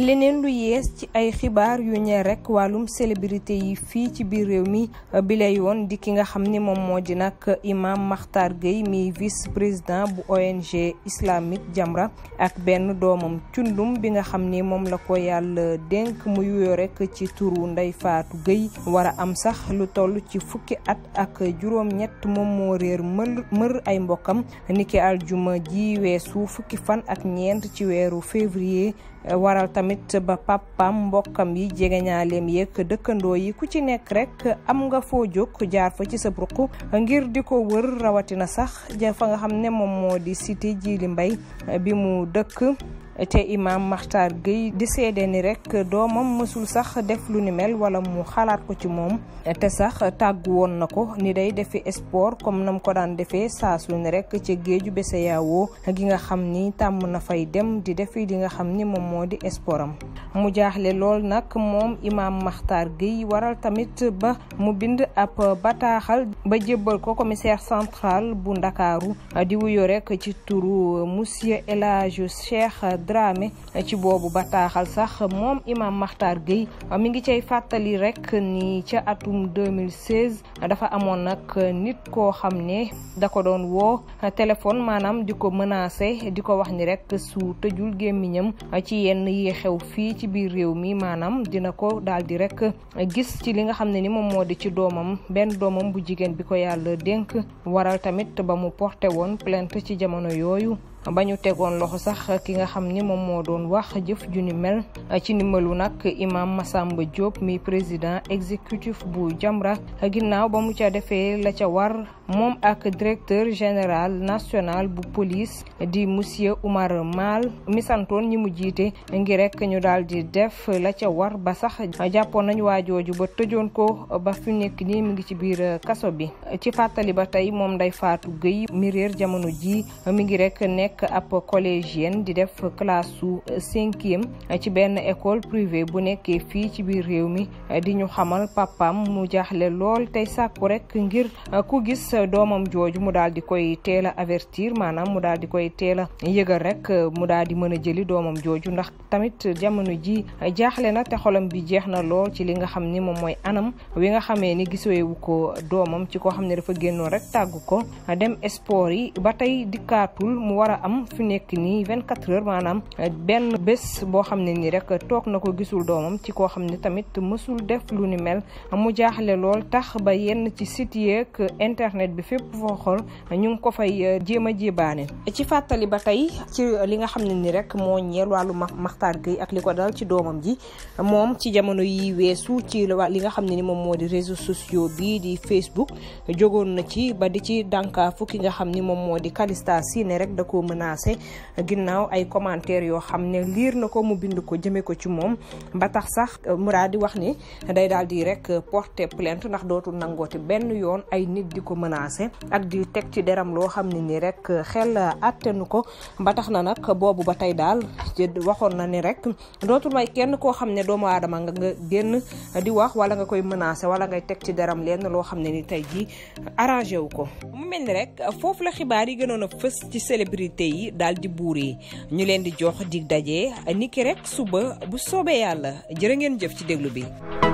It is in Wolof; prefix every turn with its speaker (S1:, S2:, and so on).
S1: leneen lu yees ci ay xibaar yu ñee rekk wàllum célébrité yi fii ci biir réew mi bilay lay yoon di ki nga xam ni moom moo di nag imaam Makhtar Gueye mi vis président bu ONG islamique Jamra ak benn doomam cundum bi nga xam ni moom la ko yàlla dénk mu yuyoo rekk ci turu Ndeye faatu Gueye war a am sax lu toll ci fukki at ak juróom-ñett moom moo réer mër ay mbokkam niki aljuma ji weesu fukki fan ak ñeent ci weeru février waral tamit ba papam mbokkam yi jegeñaaleem yeeg dëkkandoo yi ku ci nekk rek am nga foo jóg jaar fa ci sa ruq ngir di ko wër rawatina sax fa nga xam ne moom moo di cité Djily Mbaye bi mu dëkk te imam Makhtar Gueye di seede ni rek doomam mësul sax def lu ni wala mu xalaat ko ci moom te sax tàggu woon na ko ni day defi sport comme nam ko daan defee saasu su ne rek ci géeju Besseyawoo gi nga xam ni tàmm na fay dem di defi di nga xam ni moom moo di esportam mu jaaxle lool nag moom imam maxtar Gueye waral tamit ba mu bind ab bataaxal ba jébbal ko commissaire central bu Ndakaaru di wuyoo rek ci turu monsieur El Hadj Cheikh Dramé ci boobu bataaxal sax moom imam Makhtar Gueye mi ngi cey fàttali rek ni ca atum 2016 dafa amoon nag nit koo xam ne dako doon woo téléphone maanaam di ko menacé di ko wax ni rek su tëjul gémmiñam ci yenn yi xew fii ci biir réew mi maanaam dina ko daal di rek gis ci li nga xam ne ni moom moo di ci doomam benn doomam bu jigéen bi ko yàlla dénk waral tamit ba mu porte woon plainte ci jamono yooyu ba ñu tegoon loxo sax ki nga xam ni moom moo doon wax jëf ju ni mel ci ndimbalu nag imam Massamba Diop mi président exécutif bu Jamra ginnaaw ba mu ca defee la ca war moom ak directeur général national bu police di monsieur Oumar Mal misantoon ñi mu jiite ngi rek ñu daal di def la ca war ba sax jàppoon nañu waa jooju ba tëjoon ko ba fi nekk nii mu ngi ci biir kaso bi ci fàttali ba tey moom Ndeye faatu Gueye mi jamono ji mi ngi rek nekk ab collégienne di def classe su cinquième ci benn école privée bu nekkee fii ci biir réew mi di ñu xamal papam mu jaaxle lool tey sàkku rek ngir ku gis doomam jooju mu daal di koy teel a avertir maanaam mu daal di koy teela a yëgal rek mu daal di mën a jëli doomam jooju ndax tamit jamono ji jaaxle na te xolam bi jeex na lool ci li nga xam ni moom mooy anam wi nga xamee ni giseewu ko doomam ci koo xam ne dafa génnoon rek tàggu ko dem sport yi ba tey dikkaatul mu war a am fi nekk nii 24 heures maanaam benn bés boo xam ne nii rek toog na ko gisul doomam ci koo xam ne tamit mësul def lu ni mel mu jaaxle lool tax ba yenn planète bi fépp foo xool ñu ngi ko fay euh, jéem a jébaane ci fàttali ba tey ci li nga xam ne ni rek moo ñeel wàllu Makhtar Gueye ak li ko dal ci doomam ji moom ci jamono yi weesu ci li nga xam ne ni moom moo di réseaux sociaux bi di Facebook jógoon na ci ba di ci dànkaafu ki nga xam ni moom moo di Calista Sine rek da koo menacé ginnaaw ay commentaires yoo xam ne liir na ko mu bind ko jëmee ko ci moom ba tax sax euh, Mouradi wax ni day daal di rek plainte ndax dootul nangooti benn menacé ak di teg ci deram loo xam ne ni rek xel attenu ko ba tax na nag boobu ba tey daal waxoon na ni rek dootul may kenn koo xam ne doomu aadama nga nga génn di wax wala nga koy menacé wala ngay teg ci deram lenn loo xam ne ni tey jii arrangé wu ko. mu mel ni rek foofu la xibaar yi gënoon a fës ci célébrité yi daal di buur yi ñu leen di jox dig daje niki rek suba bu soobee yàlla jërë ngeen jëf ci déglu bi.